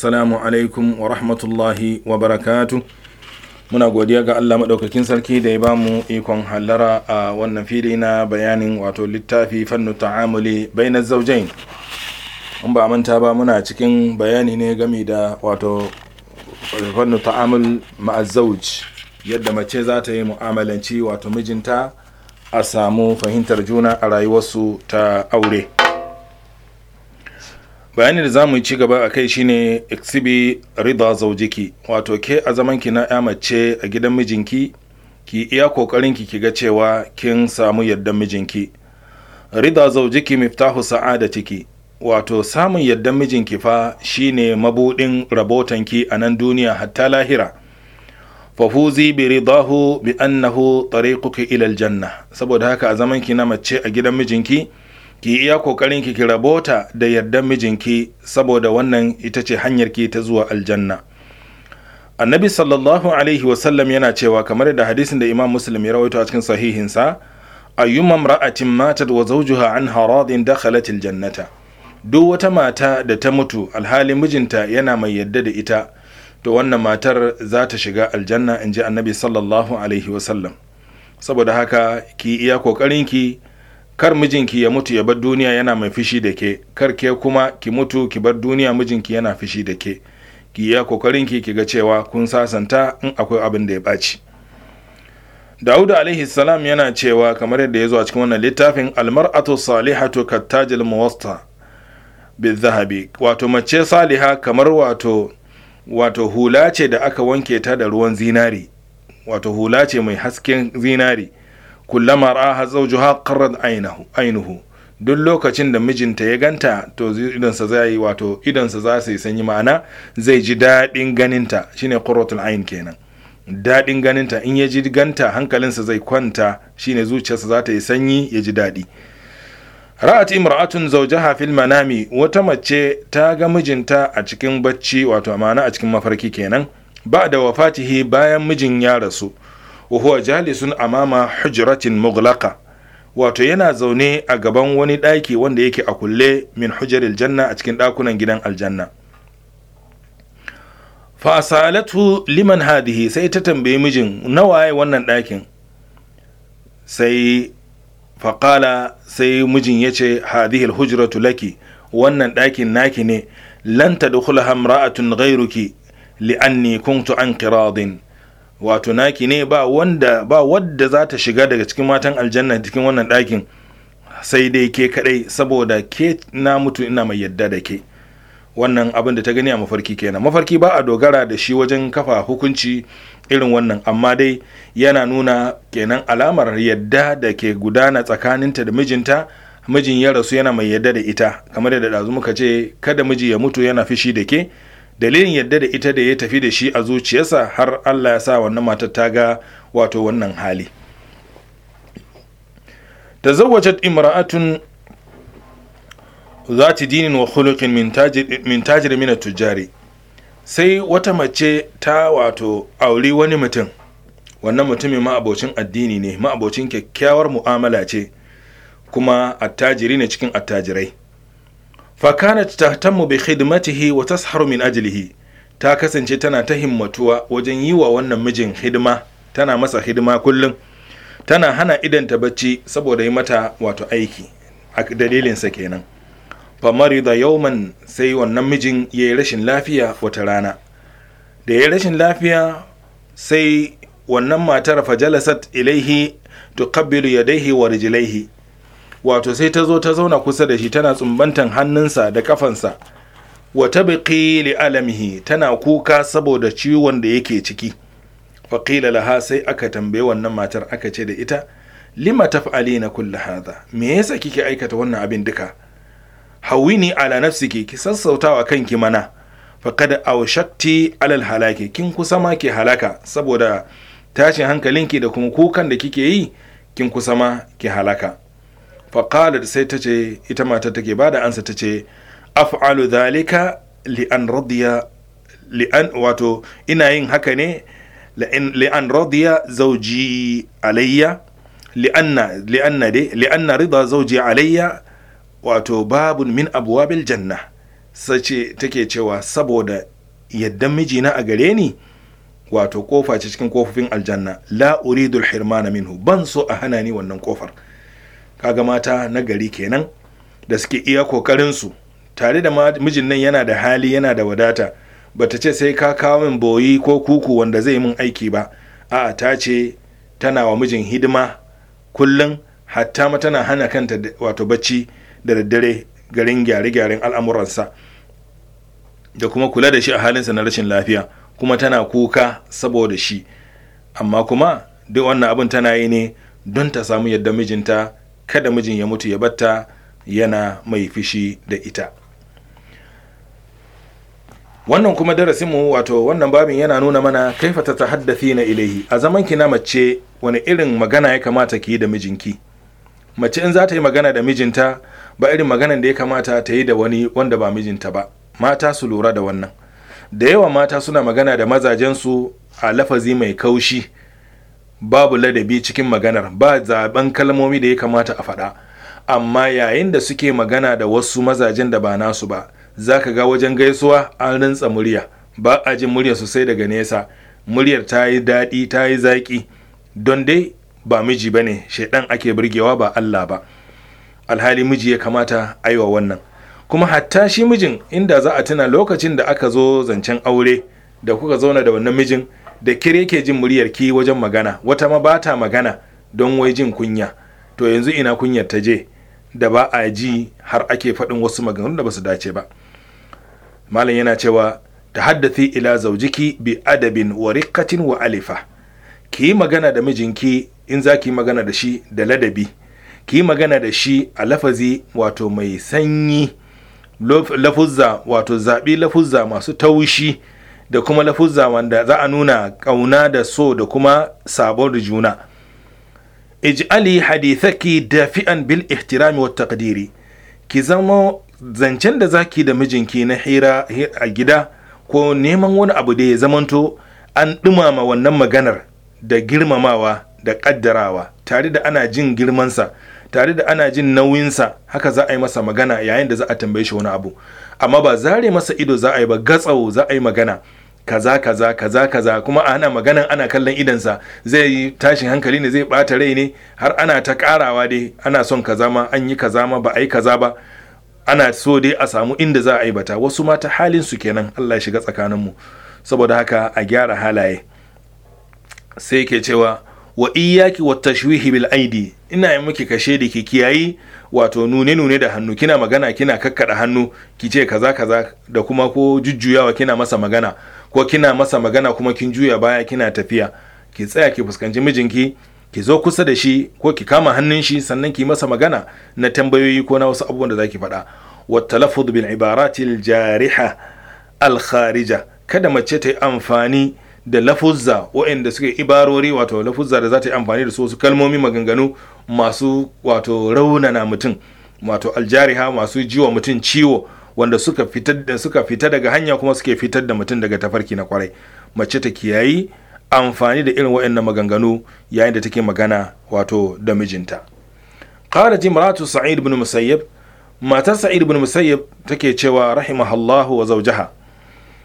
assalamu alaikum wa rahmatullahi wa barakatu muna godiya ga allah maɗaukakin sarki da ya ba mu ikon hallara a wannan fili na bayanin wato littafi fannu ta'amuli bai na zaujain in ba manta ba muna cikin bayani ne gami da wato fannu ta'amul ma'azzauj yadda mace za ta yi mu'amalanci wato mijinta a samu fahimtar juna a rayuwarsu ta aure bayanin da zamu ci gaba a kai shine exhibit rida zaujiki wato ke a zaman ki na mace a gidan mijinki ki iya kokarin ki ga cewa kin samu yardan mijinki rida zaujiki miftahu sa'adatiki wato samun yardan mijinki fa shine mabudin rabotanki a nan duniya hatta lahira fahuzi bi ridahu bi annahu tariquki ila aljanna saboda haka a zaman ki na mace a gidan mijinki ki iya kokarin ki rabota da yardan mijinki saboda wannan ita ce hanyar ki ta zuwa aljanna annabi sallallahu alaihi wasallam yana cewa kamar da hadisin da imam muslim ya rawaito a cikin sahihinsa ayyuma ra'atin matat wa zawjuha an haradin dakhalat aljannata duk wata mata da ta mutu alhali mijinta yana mai yadda da ita to wannan matar za ta shiga aljanna in ji annabi sallallahu alaihi wasallam saboda haka ki iya kokarin ki kar mijinki ya mutu ya bar duniya yana mai fishi da ke kar ke kuma ki mutu ki bar duniya mijinki yana fishi da ke ki yi kokarin ki ki ga cewa kun sasanta in akwai abin da ya ɓaci da'udu alaihi salam yana cewa kamar yadda ya zo a cikin wannan littafin almar'atu salihatu kattajil muwasta bizahabi wato mace saliha kamar wato wato hula ce da aka wanke ta da ruwan zinari wato hula ce mai hasken zinari kullama ra'aha zawjuha qarrat aynahu aynuhu duk lokacin da mijinta ya ganta to idan za zai wato idonsa za su yi sanyi ma'ana zai ji daɗin ganinta shine qurratul ayn kenan daɗin ganinta in ya ji ganta hankalinsa zai kwanta shine zuciyarsa za ta yi sanyi ya ji daɗi ra'at imra'atun zawjaha fil manami wata mace ta ga mijinta a cikin bacci wato ma'ana a cikin mafarki kenan ba da wafatihi bayan mijin ya rasu wa huwa jalisun amama hujratin mughlaqa wato yana zaune a gaban wani ɗaki wanda yake a kulle min hujaril janna a cikin ɗakunan gidan aljanna fa asalatu liman hadihi sai ta tambayi mijin ya wannan ɗakin sai faƙala sai mijin ya ce hadihil hujratu laki wannan ɗakin naki ne Lanta da tadkhulaha hamra'atun gairuki li'anni kuntu an qiradin wato naki ne ba wanda ba wadda za ta shiga daga cikin matan aljanna cikin wannan ɗakin sai dai ke kaɗai saboda ke na mutu ina mai yadda da ke wannan abin da ta gani a mafarki kenan mafarki ba a dogara da shi wajen kafa hukunci irin wannan amma dai yana nuna kenan alamar yadda da ke gudana tsakaninta da mijinta mijin ya rasu yana mai yadda da ita kamar yadda ɗazu muka ce kada miji ya mutu yana fishi da ke dalilin yadda da ita da ya tafi da shi a zuciyarsa har allah ya sa wannan matar ta ga wato wannan hali tazawwajat imra'atun zati dinin wa khuluqin min tajir min tujari sai wata mace ta wato auri wani mutum wannan mutumin ma'abocin addini ne ma'abocin kyakkyawar mu'amala ce kuma attajiri ne cikin attajirai fakanat tahtammu bi khidmatihi wa tasharu min ajlihi ta kasance tana ta himmatuwa wajen yi wa wannan mijin hidima tana masa hidima kullum tana hana idanta bacci saboda yi mata wato aiki a dalilinsa kenan famari da yauman sai wannan mijin ya yi rashin lafiya wata rana da ya yi rashin lafiya sai wannan matar fajalasat ilaihi tuqabbilu yadaihi wa rijlaihi wato sai ta zo ta zauna kusa da shi tana tsumbantan hannunsa da kafansa wata tabqi li alamihi tana kuka saboda ciwon da yake ciki fa qila laha sai aka tambaye wannan matar aka ce da ita lima taf'alina kull hadha me yasa kike aikata wannan abin duka hawini ala nafsiki ki sassautawa kanki mana faqad awshakti alal halaki kin kusa ma ke halaka saboda tashin hankalinki da kuma kukan da kike yi kin kusa ma ke halaka da sai ta ce ita mata take ba da ansa ta ce af'alu dhalika li'an radiya li'an wato ina yin haka ne li'an radiya zauji alayya li'anna de rida zauji alayya wato babun min abwabil janna sace take cewa saboda yaddan mijina a gare ni wato kofa ce cikin kofofin aljanna la uridu alhirmana minhu ban so a hana ni wannan kofar kaga mata na gari kenan da suke iya kokarin su tare da mijin nan yana da hali yana da wadata bata ce sai ka kawo min boyi ko kuku wanda zai min aiki ba a'a ta ce tana wa mijin hidima kullum hatta ma tana hana kanta wato bacci da daddare garin gyare-gyaren al'amuransa da kuma kula da shi a halin sa na rashin lafiya kuma tana kuka saboda shi amma kuma duk wannan abin tana yi ne don ta samu yadda mijinta kada mijin ya mutu ya batta yana mai fishi da ita wannan kuma darasinmu wato wannan babin yana nuna mana kaifa ta haddafi na ilaihi a zaman ki na mace wani irin magana ya kamata ki yi da mijinki mace in za ta yi magana da mijinta ba irin magana da ya kamata ta yi da wani wanda ba mijinta ba mata su lura da wannan da yawa mata suna magana da mazajensu a lafazi mai kaushi babu ladabi cikin maganar ba zaben kalmomi da ya kamata a faɗa amma yayin da suke magana da wasu mazajen da ba nasu ba za ka ga wajen gaisuwa an rintsa murya ba a jin murya sosai daga nesa muryar ta yi daɗi ta yi zaƙi don dai ba miji ba ne shaidan ake burgewa ba allah ba alhali miji ya kamata aiwa wannan kuma hatta shi mijin inda za a tuna lokacin da aka zo zancen aure da kuka zauna da wannan mijin da kir yake jin muryar ki wajen magana wata ma ba ta magana don wai jin kunya to yanzu ina kunyar ta je da ba a ji har ake faɗin wasu maganganu da ba su dace ba malam yana cewa ta haddathi ila zaujiki bi adabin wa riqqatin wa alifa ki yi magana da mijinki in za ki yi magana da shi da ladabi ki yi magana da shi a lafazi wato mai sanyi lafuzza wato zaɓi lafuzza masu taushi da kuma lafuzza wanda za a nuna ƙauna da so da kuma sabon da juna ij'ali hadithaki dafi'an bil ihtirami wa taqdiri ki zama zancen da zaki da mijinki na hira a gida ko neman wani abu da ya zamanto an dumama wannan maganar da girmamawa da ƙaddarawa tare da ana jin girmansa tare da ana jin nauyinsa haka za a yi masa magana yayin da za a tambaye shi wani abu amma ba zare masa ido za a yi ba gatsau za a yi magana kaza kaza kaza kaza kuma ana maganan ana kallon idansa zai yi tashin hankali ne zai bata rai ne har ana ta karawa dai ana son kaza ma an yi kaza ma ba a yi kaza ba ana so dai a samu inda za a yi bata wasu mata halin su kenan Allah ya shiga tsakanin mu saboda haka a gyara halaye sai ke cewa wa iyyaki wa tashwihi bil aidi ina yi miki kashe da ke kiyayi wato nune nune da hannu kina magana kina kakkada hannu ki ce kaza kaza da kuma ko jujjuyawa kina masa magana ko kina masa magana kuma kin juya baya kina tafiya ki tsaya ki fuskanci mijinki ki zo kusa da shi ko ki kama hannun shi sannan ki masa magana na tambayoyi ko na wasu abubuwan da zaki faɗa wa talaffuz bil ibarati al jariha al kharija kada mace ta yi amfani da lafuzza waɗanda suke ibarori wato lafuzza da za ta yi amfani da su wasu kalmomi maganganu masu wato raunana mutum wato aljariha masu jiwa mutum ciwo wanda suka fitar da suka fita daga hanya kuma suke fitar da mutum daga tafarki na kwarai mace ta kiyayi amfani da irin wa'annan maganganu yayin da take magana wato da mijinta qalat maratu sa'id ibn musayyib matar sa'id ibn musayyib take cewa rahimahallahu wa zawjaha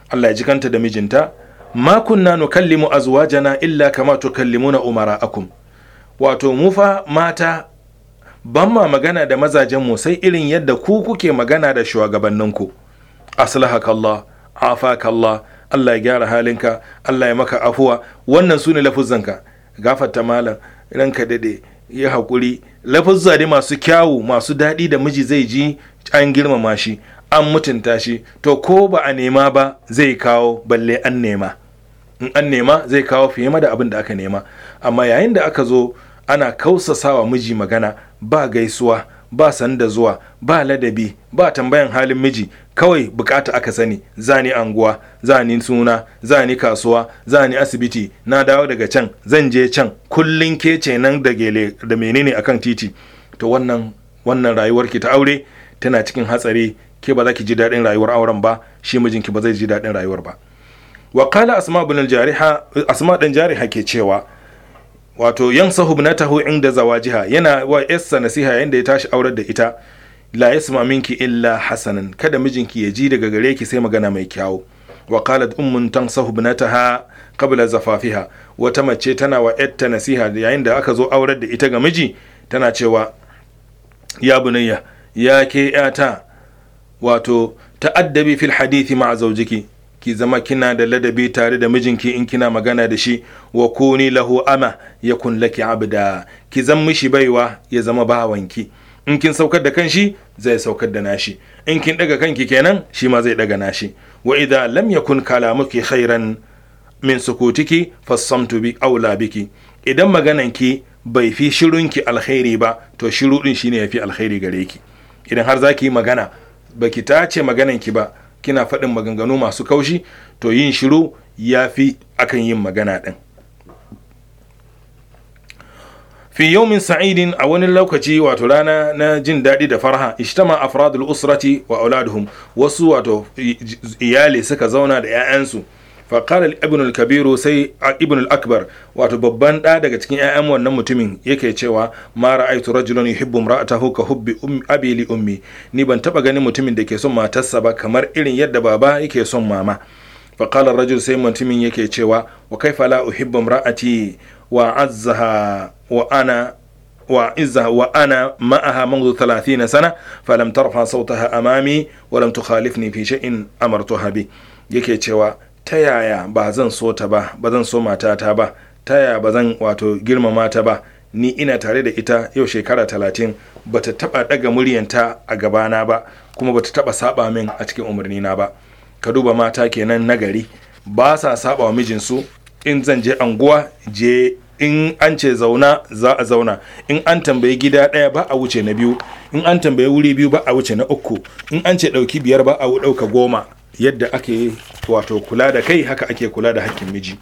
Allah ya jikanta da mijinta ma kunna nukallimu azwajana illa kama tukallimuna umara'akum wato Mufa mata ban ma magana da mazajenmu sai irin yadda ku kuke magana da shugabanninku aslahakallah afakallah Allah ya gyara halinka Allah ya maka afuwa wannan su ne gafarta malam ranka dade ya hakuri lafuzza dai masu kyawu masu daɗi da miji zai ji an girmama shi an mutunta shi to ko ba a nema ba zai kawo balle an nema in an nema zai kawo fiye da abin da aka nema amma yayin da aka zo ana kausasawa miji magana ba gaisuwa ba sanda zuwa ba ladabi ba tambayan halin miji kawai bukata aka sani zani anguwa zani suna zani kasuwa zani asibiti na dawo daga can zan je can kullun ke ce nan da gele da menene akan titi to wannan wannan rayuwar ta aure tana cikin hatsari ke ba za ki ji daɗin rayuwar auren ba shi mijinki ba zai ji daɗin rayuwar ba wa qala asma bin asma dan jariha ke cewa wato na taho inda zawajiha yana wa yassa nasiha yayin da ya tashi aurar da ita la yasma minki illa hasanan kada mijinki ya ji daga gare ki sai magana mai kyawu wa qalat ummun na taha qabla zafafiha wata mace tana wa yatta nasiha yayin da aka zo aurar da ita ga miji tana cewa ya bunayya ya ke yata wato ta'addabi fil hadithi ma'a zaujiki ki zama kina da ladabi tare da mijinki in kina magana da shi wa kuni lahu ama ya kun laki abda ki zan mishi baiwa ya zama bawanki in kin saukar da kanshi zai saukar da nashi in kin daga kanki kenan shi ma zai daga nashi wa idza lam yakun kalamuki khairan min sukutiki fassamtu bi aula biki idan ki bai fi shirunki alkhairi ba to shiru din shine fi alkhairi gare ki idan har zaki magana baki tace ki ba kina faɗin maganganu masu kaushi to yin shiru ya fi akan yin magana ɗin fi yawmin sa'idin a wani lokaci wato rana na jin daɗi da farha ishtama afradul usrati wa auladuhum wasu wato iyali suka zauna da 'ya'yansu faƙalar ibn al-kabiru sai ibn al-akbar wato babban ɗa daga cikin 'ya'yan wannan mutumin yake cewa ma ra'aitu rajulun yuhibbu imra'atahu ka hubbi um-, abi ummi ni ban taba ganin mutumin da ke son matarsa ba kamar irin yadda baba yake son mama faƙalar rajul sai mutumin yake cewa wa kaifa la uhibbu imra'ati wa azzaha wa ana ana ma'aha معها 30 sana falam tarfa ترفع amami wa lam tukhalifni fi shay'in amartuha bi yake cewa ta yaya ba zan so ta ba ba zan so matata ba ta yaya ba zan wato girmama ta ba ni ina tare da ita yau shekara talatin ba ta taɓa ɗaga muryanta a gabana ba kuma ba ta taɓa saɓa min a cikin umarnina ba ka duba mata kenan na gari ba sa saɓa wa mijinsu in zan je anguwa je in an ce zauna za a zauna in an tambayi gida ɗaya ba a wuce na biyu in an tambayi wuri biyu ba a wuce na uku in an ce ɗauki biyar ba a ɗauka goma yadda ake wato kula da kai haka ake kula da hakkin miji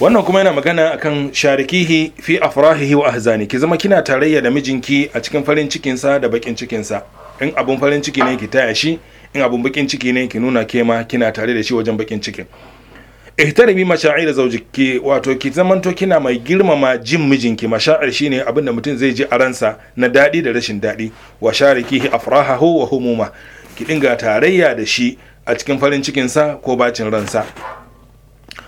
wannan kuma yana magana akan sharikihi fi afrahihi wa ahzani ki zama kina tarayya da mijinki a cikin farin cikinsa da bakin cikinsa in abun farin ciki ne ki taya shi in abun bakin ciki ne ki nuna kema kina tare da shi wajen bakin cikin ihtarimi masha'ir zaujiki wato ki zamanto kina mai girmama jin mijinki masha'ir shine abin da mutum zai ji a ransa na daɗi da rashin daɗi wa sharikihi afrahahu wa humuma ki dinga tarayya da shi a cikin farin cikinsa ko bacin ransa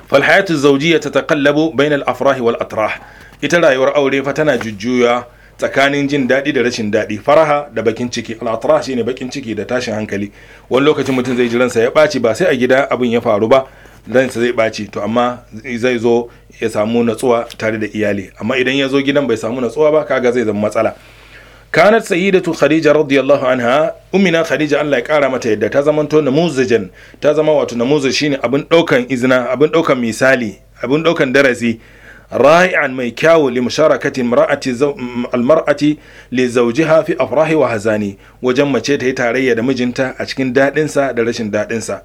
falhayatu zaujiya ta kallabu bainal afrahi wal atrah ita rayuwar aure fa tana jujjuya tsakanin jin daɗi da rashin daɗi faraha da bakin ciki al'atrah shine bakin ciki da tashin hankali wani lokacin mutum zai ji ransa ya baci ba sai a gida abin ya faru ba ransa zai baci to amma zai zo ya samu natsuwa tare da iyali amma idan ya zo gidan bai samu natsuwa ba kaga zai zama matsala kanat sayyidatu khadija radiyallahu anha ummina khadija Allah ya kara mata yadda ta zama to namuzajan ta zama wato namuzaj shine abin daukan izina abin daukan misali abin daukan darasi ra'i'an mai kyawu li musharakati mar'ati mm, almar'ati li zawjiha fi afrahi wa hazani wajen mace ta yi tarayya da mijinta a cikin dadin sa da rashin dadin sa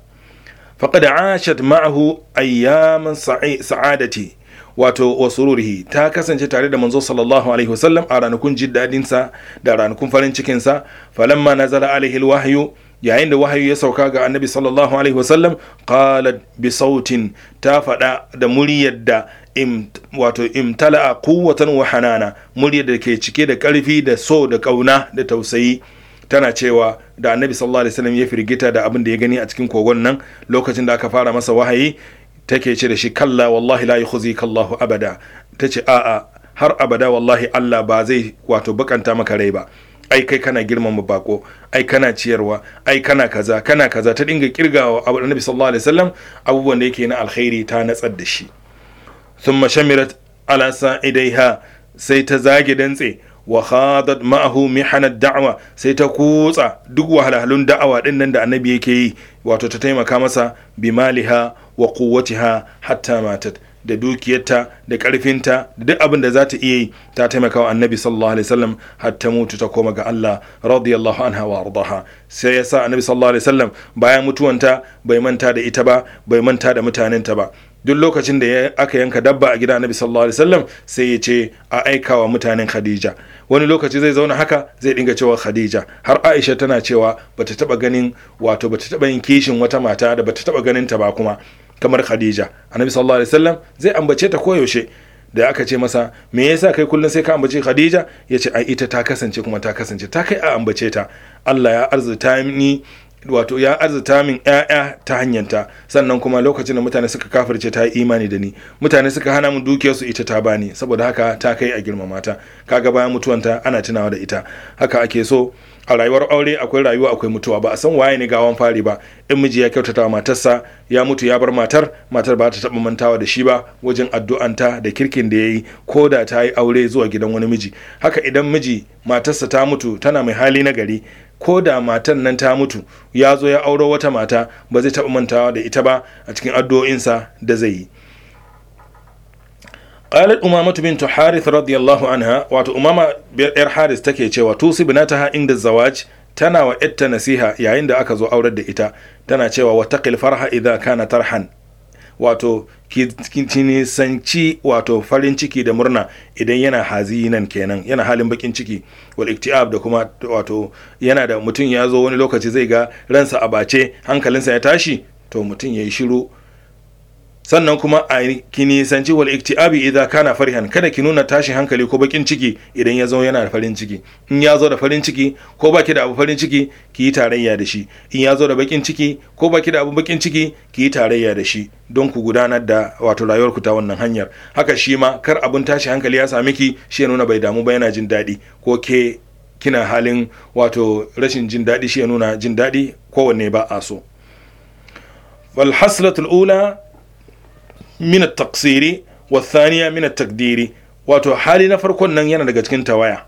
faqad 'ashat ma'ahu ayyaman sa'adati wato wa sururihi ta kasance tare da manzo sallallahu alaihi wasallam a ranakun jiddadinsa da ranakun farin cikinsa falamma nazala alaihi alwahyu yayin da wahayu ya sauka ga annabi sallallahu alaihi wasallam qalat bi sautin ta fada da muryar da im, wato imtala'a quwwatan wa hanana muryar da ke cike da karfi da so da kauna da tausayi tana cewa da annabi sallallahu alaihi wasallam ya firgita da abin da ya gani a cikin kogon nan lokacin da aka fara masa wahayi take ce da shi kalla wallahi la yi Allahu abada ta ce a'a har abada wallahi Allah ba zai wato bukanta maka rai ba ai kai kana girmama bako ai kana ciyarwa ai kana kaza kana kaza ta dinga kirgawa abu nabi sallallahu alaihi wasallam abubuwan da yake na alkhairi ta natsar da shi thumma shamirat ala sa'idaiha sai ta zage dantse wa khadat ma'ahu mihanad da'wa sai ta kutsa duk wahalhalun da'awa din nan da annabi yake yi wato ta taimaka masa bimaliha wa ha hatta matat da dukiyarta da karfinta da duk abin da za ta iya yi ta taimaka wa annabi sallallahu alaihi wasallam har ta mutu ta koma ga Allah radiyallahu anha wa ardaha sai yasa annabi sallallahu alaihi wasallam bayan mutuwanta bai manta da ita ba bai manta da mutanenta ba duk lokacin da aka yanka dabba a gidan annabi sallallahu alaihi wasallam sai ya ce a aika wa mutanen khadija wani lokaci zai zauna haka zai dinga cewa khadija har aisha tana cewa bata taba ganin wato bata taba yin kishin wata mata da bata taba ganin ta ba kuma kamar khadija annabi sallallahu alaihi wasallam zai ambace ta koyaushe da aka ce masa me yasa kai kullum sai ka ambace khadija ya ce ai ita ta kasance kuma ta kasance ta kai a ambace ta allah ya arzuta ni wato ya arzita min ‘ya'ya ta hanyanta sannan kuma lokacin da mutane suka kafirce ta yi imani da ni mutane suka hana mu dukiyarsu ita ta bani saboda haka ta kai a girmamata mata kaga bayan mutuwanta ana tunawa da ita haka ake so a rayuwar aure akwai rayuwa akwai mutuwa ba a san waye ne gawan fari ba in miji ya kyautata matarsa ya mutu ya bar matar matar ba ta taɓa mantawa da shi ba wajen addu'anta da kirkin da ya yi ko da ta yi aure zuwa gidan wani miji haka idan miji matarsa ta mutu tana mai hali na gari ko da matan nan ta mutu ya zo ya auro wata mata ba zai taɓa mantawa da ita ba a cikin addu'o'insa da zai yi qalat umamatu bintu harith radiyallahu anha wato umama yar haris take cewa tusi binataha inda zawaj tana wa ita nasiha yayin da aka zo aurar da ita tana cewa wa taqil farha idha kana tarhan wato sanci wato farin ciki da murna idan yana hazinan kenan yana halin bakin ciki wal iktiab da kuma wato yana da mutum ya zo wani lokaci zai ga ransa a bace hankalinsa ya tashi to mutum ya yi shiru sannan kuma a ki nisanci wal iktiabi idza kana farihan kada ki nuna tashin hankali ko bakin ciki idan ya zo yana da farin ciki in ya zo da farin ciki ko baki da abu farin ciki ki yi tarayya da shi in ya zo da bakin ciki ko baki da abu bakin ciki ki yi tarayya da shi don ku gudanar da wato rayuwar ku ta wannan hanyar haka shi ma kar abun tashi hankali ya sami ki shi ya nuna bai damu ba yana jin daɗi ko ke kina halin wato rashin jin daɗi shi ya nuna jin daɗi kowanne ba a so wal ula min taksiri taqsiri wa thaniya min wato hali na farkon nan yana daga cikin tawaya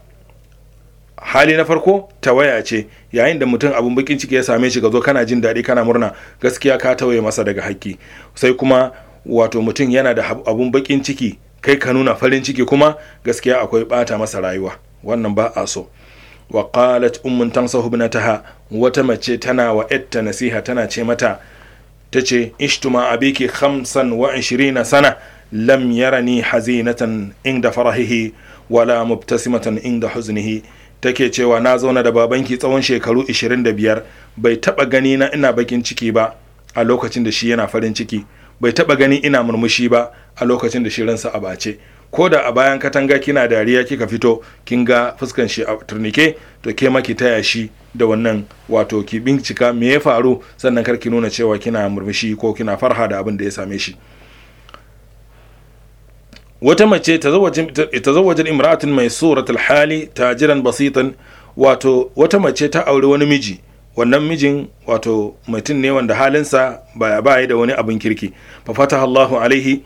hali na farko tawaya ce yayin da mutum abun bakin ciki ya same shi gazo kana jin daɗi kana murna gaskiya ka tawaye masa daga haƙƙi sai kuma wato mutum yana da abun bakin ciki kai ka nuna farin ciki kuma gaskiya akwai bata masa rayuwa wannan ba a so wa qalat ummun tansahu ibnataha wata mace tana wa ƴatta nasiha tana ce mata ta ce ishtuma abiki khamsan wa na sana lam yarani hazinatan inda farahihi wala mubtasimatan inda huznihi take cewa na zauna da babanki tsawon shekaru 25 bai taba gani na ina bakin ciki ba a lokacin da shi yana farin ciki bai taba gani ina murmushi ba a lokacin da shi ransa a bace ko da a bayan katanga kina dariya kika fito kin ga fuskan shi a turnike to ke ma ki taya shi da wannan wato ki bincika me ya faru sannan kar ki nuna cewa kina murmushi ko kina farha da abin da ya same shi wata mace ta zawajin imratin mai suratul hali tajiran basitan wato wata mace ta auri wani miji wannan mijin wato mutum ne wanda halinsa baya baya da wani abin kirki fa fataha Allahu alaihi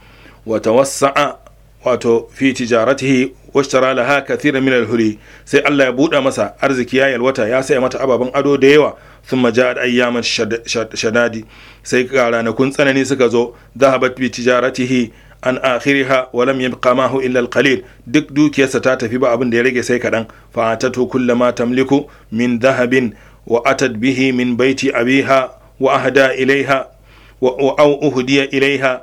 wa tawassa'a wato fi tijaratihi washtara laha tsira min alhuri sai Allah ya buɗa masa arziki ya yalwata ya saya mata ababen ado da yawa maja ja'at ayyaman shadadi sai ga ranakun tsanani suka zo zahabat bi tijaratihi an akhiriha wa lam yabqa mahu illa alqalil duk dukiyarsa ta tafi ba abin da ya rage sai kadan fa atatu kullama tamliku min dhahabin wa atat bihi min baiti abiha wa ahda ilaiha wa au uhdiya ilaiha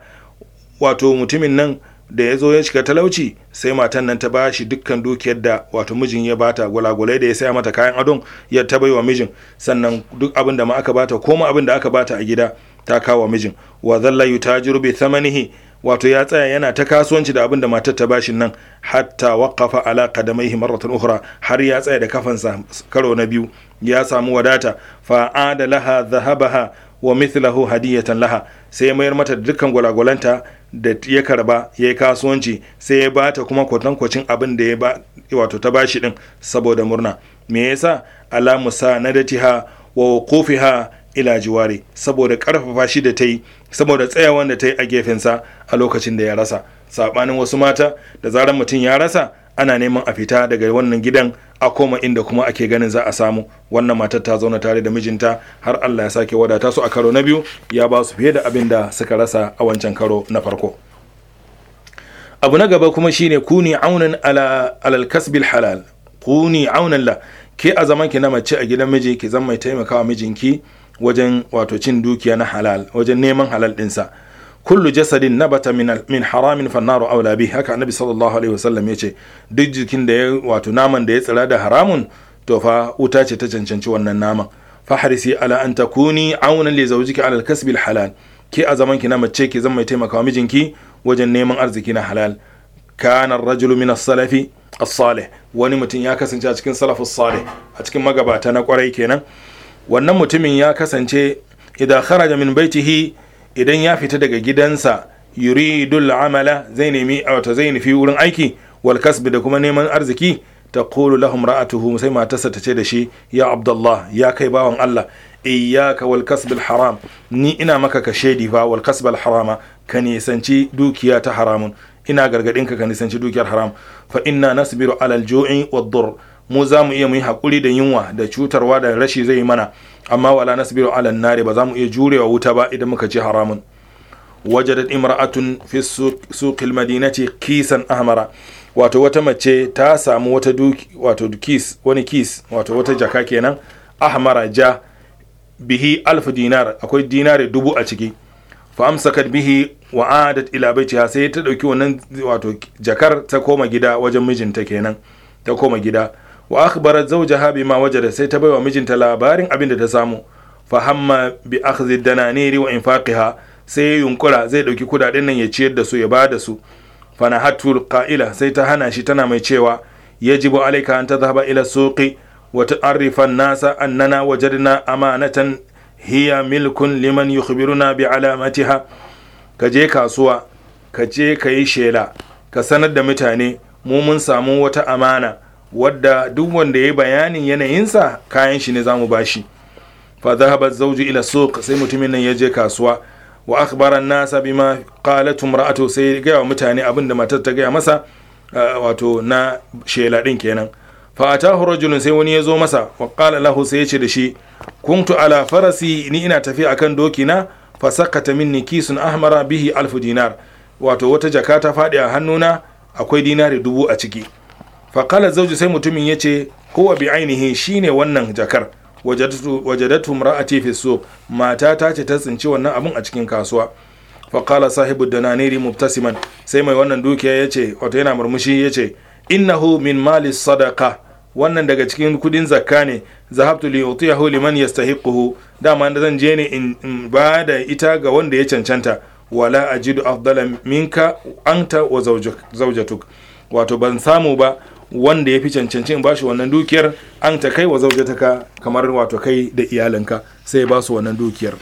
wato mutumin nan da ya zo ya shiga talauci sai matan nan ta bashi dukkan dukiyar da wato mijin ya bata gwalagwalai da ya saya mata kayan adon ya ta wa mijin sannan duk abin da ma aka bata koma abin da aka bata a gida ta kawo mijin wa zalla yutajiru bi thamanihi wato ya tsaya yana ta kasuwanci da abin da matar ta bashi nan hatta waqafa ala qadamaihi marratan ukhra har ya tsaya da kafansa karo na biyu ya samu wadata fa adalaha dhahabaha wa mithlahu hadiyatan laha sai mayar mata da dukkan ta. da ya karba ya yi kasuwanci sai ya bata kuma kwatankwacin abin da ya ba wato ta bashi din saboda murna me yasa alamu sa na datiha wa ha ila jiware saboda karfafa shi da ta yi saboda tsayawan da ta yi a gefensa a lokacin da ya rasa sabanin wasu mata da zarar mutum ya rasa ana neman a fita daga wannan gidan a koma inda kuma ake ganin za a samu wannan matar ta zauna tare da mijinta har Allah ya sake wadata su a karo na biyu ya ba su fiye da abin da suka rasa a wancan karo na farko abu na gaba kuma shine kuni aunan ala alal kasbil halal kuni aunan la ke a zaman ki na mace a gidan miji ki zan mai taimakawa mijinki wajen wato cin dukiya na halal wajen neman halal dinsa kullu jasadin nabata min min haramin fannaru aula bi haka annabi sallallahu alaihi wasallam yace duk jikin da ya wato naman da ya tsira da haramun to fa wuta ce ta cancanci wannan naman faharisi ala an takuni aunan li zawjiki ala al-kasbi halal ki a zaman ki na mace ki zan mai taimaka mijinki wajen neman arziki na halal kana ar-rajulu min as-salafi as-salih wani mutum ya kasance a cikin salafus salih a cikin magabata na kwarai kenan wannan mutumin ya kasance idan kharaja min baitihi idan ya fita daga gidansa yuridul amala zai nemi wato zai nufi wurin aiki wal kasbi da kuma neman arziki ta taqulu lahum ra'atuhu sai matarsa ta ce da shi ya abdullah ya kai bawan Allah iyyaka wal kasbil haram ni ina maka ka shedi fa wal harama ka nisanci dukiya ta haramun ina gargadin ka ka nisanci dukiyar haram fa inna nasbiru alal ju'i wad dur mu za mu iya mu yi hakuri da yunwa da cutarwa da rashi zai mana amma wala nasbiru ala nari ba za mu iya jure wa wuta ba idan muka ci haramun wajadat imra'atun fi suqil madinati kisan ahmara wato wata mace ta samu wata duki wato kis wani kis wato wata jaka kenan ahmara ja bihi alf dinar akwai dinare dubu a ciki fa amsakat bihi wa adat ila baitiha sai ta dauki wannan wato jakar ta koma gida wajen mijinta kenan ta koma gida wa akhbara zawjaha bima wajada sai ta baiwa mijinta labarin abin da ta samu fa fahamma bi akhdhi dananiri wa infaqiha sai yunkura zai dauki kudaden nan ya ciyar da su ya bada su fanahatul qa'ila sai ta hana shi tana mai cewa yajibu alayka an tadhhaba ila suqi wa ta'rifa an-nasa annana wajadna amanatan hiya milkun liman yukhbiruna bi alamatiha ka je kasuwa ka je shela ka sanar da mutane mu mun samu wata amana wadda duk wanda ya yi bayanin yanayinsa kayan shi ne za mu bashi fa zahaba zawju ila suq sai mutumin nan ya je kasuwa wa akhbara an-nasa bima qalat imra'atu sai ga mutane abinda matar ta gaya masa wato na shela din kenan fa atahu rajulun sai wani ya zo masa wa qala lahu sai ya ce da shi kuntu ala farasi ni ina tafi akan doki na fa sakata minni kisun ahmara bihi alf dinar wato wata jaka ta faɗi a hannuna akwai dinari dubu a ciki faƙalar zauji sai mutumin ya ce kowa bi ainihi shine wannan jakar wajadatu mra'ati fi suq mata ta ce ta tsinci wannan abun a cikin kasuwa fakala sahibu dananiri mubtasiman sai mai wannan dukiya ya ce wato yana murmushi ya ce innahu min mali sadaka wannan daga cikin kudin zakka ne zahabtu li utiyahu liman yastahiquhu dama da zan je ne in ba da ita ga wanda ya cancanta wala ajidu afdala minka anta wa zawjatuk wato ban samu ba wanda ya fi cancanci in bashi wannan dukiyar an ta kai wa zaujataka kamar wato kai da iyalinka sai ba su wannan dukiyar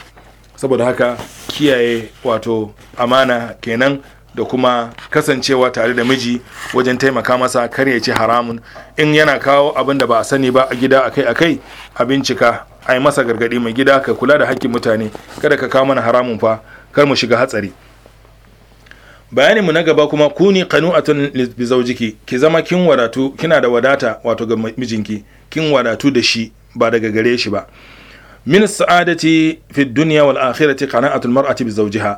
saboda haka kiyaye wato amana kenan da kuma kasancewa tare da miji wajen taimaka masa kar ya ci haramun in yana kawo abin da ba a sani ba a gida akai akai a bincika a yi masa gargadi mai gida ka kula da haƙƙin mutane kada ka kawo mana haramun fa kar mu shiga hatsari bayaninmu na gaba kuma kuni qanu'atun bi zawjiki ki zama kin wadatu kina da wadata wato ga mijinki kin wadatu da shi ba daga gare shi ba min sa'adati fi dunya wal akhirati qana'atul mar'ati bi zawjiha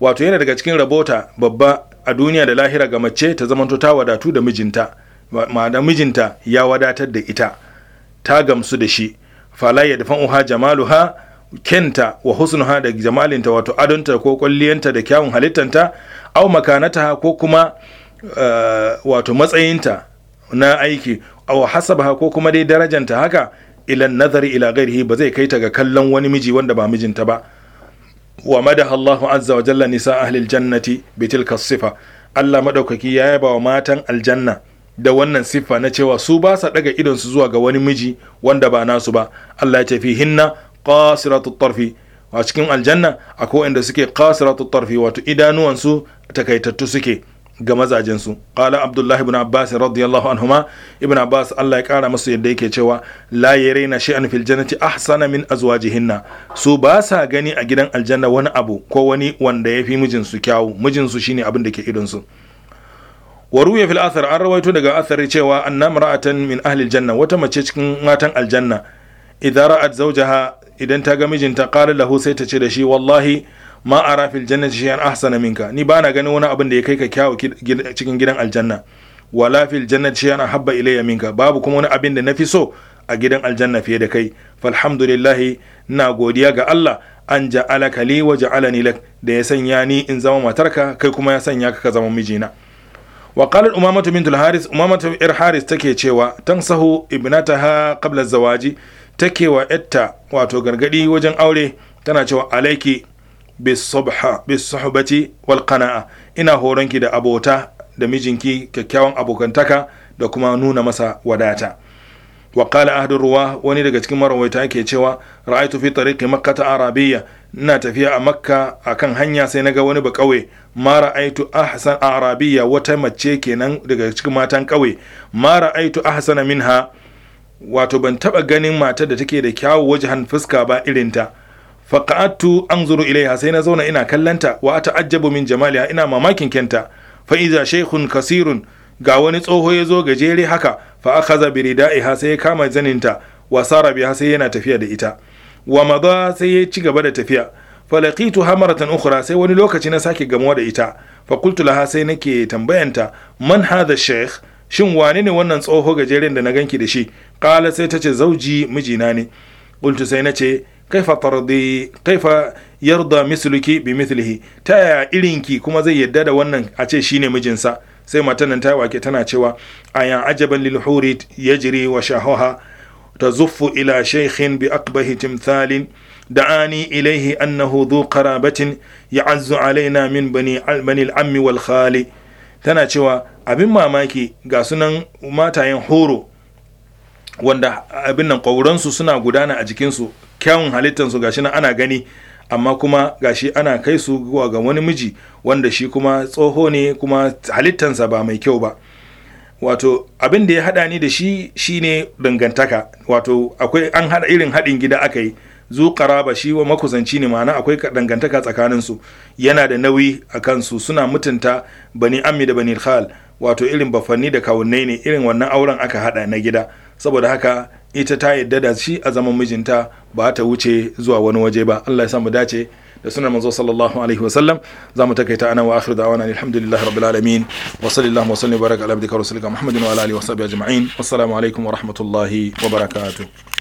wato yana daga cikin rabota babba a duniya da lahira ga mace ta zamanto ta wadatu da mijinta ma'ana mijinta ya wadatar da ita ta gamsu da shi fala ya dafan uha jamaluha kenta wa husnuha da jamalinta wato adonta ko kwalliyanta da kyawun halittanta au makanata ko kuma eh, wato matsayinta na aiki au hasabaha ko kuma dai darajanta haka ilan nazari ila gairihi ba zai kai ta ga kallon wani miji wanda ba mijinta ba wa madaha Allahu azza wa jalla nisa ahli jannati bi tilka sifa Allah madaukaki ya yaba wa matan aljanna da wannan siffa na cewa su ba sa daga idon su zuwa ga wani miji wanda ba nasu ba Allah ya ce fi hinna qasiratu tarfi a cikin aljanna akwai wanda suke qasiratu tarfi wato idanuwansu takaitattu suke ga mazajensu qala abdullahi ibn abbas radiyallahu anhuma ibn abbas Allah ya kara masu yadda yake cewa la yarayna shay'an fil jannati ahsana min azwajihinna su ba sa gani a gidan aljanna wani abu ko wani wanda yafi mijinsu kyawu mijinsu shine abin da ke idon su wa ruya fil athar an rawaito daga athari cewa anna mara'atan min ahli aljanna wata mace cikin matan aljanna idza ra'at zawjaha idan ta ga mijinta qala lahu sai ta ce da shi wallahi ma ara fil shi an ahsana minka ni ba na ganin wani abin da ya kai ka kyawu cikin gidan aljanna wala fil shi an habba ilayya minka babu kuma wani abin da fi so a gidan aljanna fiye da kai falhamdulillahi na godiya ga Allah an ja'alaka kali wa ja'alani lak da ya sanya ni in zama matarka kai kuma ya sanya ka ka zama mijina wa qalat umamatu bintul haris umamatu ir haris take cewa tansahu ibnataha qabla zawaji take wa yatta wato gargadi wajen aure tana cewa alaiki bisahbati wal ina horonki da abota da mijinki kyakkyawan abokantaka da kuma nuna masa wadata wa qala ruwa wani daga cikin marawaita ke cewa ra'aitu fi tariqi ta arabiya ina tafiya a makka kan hanya sai naga wani ba kauye ma ra'aytu ahsan arabiya wata mace kenan daga cikin matan kauye ma ra'aytu ahsana minha wato ban taba ganin matar da take da kyawu wajahan fuska ba irin irinta faqa'atu anzuru ilaiha sai na zauna ina kallanta wa ta'ajjabu min jamaliha ina mamakin kenta fa iza shaykhun kasirun ga wani tsoho ya zo gajere haka fa akhadha bi ridaiha sai ya kama zaninta wa sara biha sai yana tafiya da ita wa madha sai ya ci gaba da tafiya falaqitu hamaratan ukhra sai wani lokaci na sake gamuwa da ita fa qultu laha sai nake tambayanta man hadha shaykh shin wane ne wannan tsoho gajeren da na ganki da shi kala sai ta ce zauji mijina ne qultu sai na ce kaifa tardi kaifa yarda misluki bi mithlihi ta yaya irinki kuma zai yadda da wannan a ce shine mijinsa sai matan ta wake tana cewa ayan ajaban lil huri yajri wa shahaha tazuffu ila shaykhin bi aqbahi timthalin da'ani ilaihi annahu dhu qarabatin ya'azzu alaina min bani al-ammi wal khali tana cewa abin mamaki ga sunan matayen horo wanda abin nan ƙwauransu suna gudana a jikinsu kyawun halittansu ga nan ana gani amma kuma ga shi ana kai su ga wani miji wanda shi kuma tsoho ne kuma halittansa ba mai kyau ba wato abin da ya haɗa ni da shi shine dangantaka wato akwai an haɗa irin haɗin gida aka yi zu ba shi wa makusanci ne ma'ana akwai dangantaka tsakaninsu yana da nauyi a kansu suna mutunta bani ammi da bani khal wato irin bafanni da kawunnai ne irin wannan auren aka hada na gida saboda haka ita ta yadda da shi a zaman mijinta ba ta wuce zuwa wani waje ba Allah ya mu dace da sunan manzo sallallahu alaihi wasallam za mu takaita ana wa akhir da'wana alhamdulillahi rabbil alamin wa sallallahu wa baraka ala abdika rasulika muhammadin wa ala alihi wa sahbihi ajma'in assalamu alaikum wa rahmatullahi wa barakatuh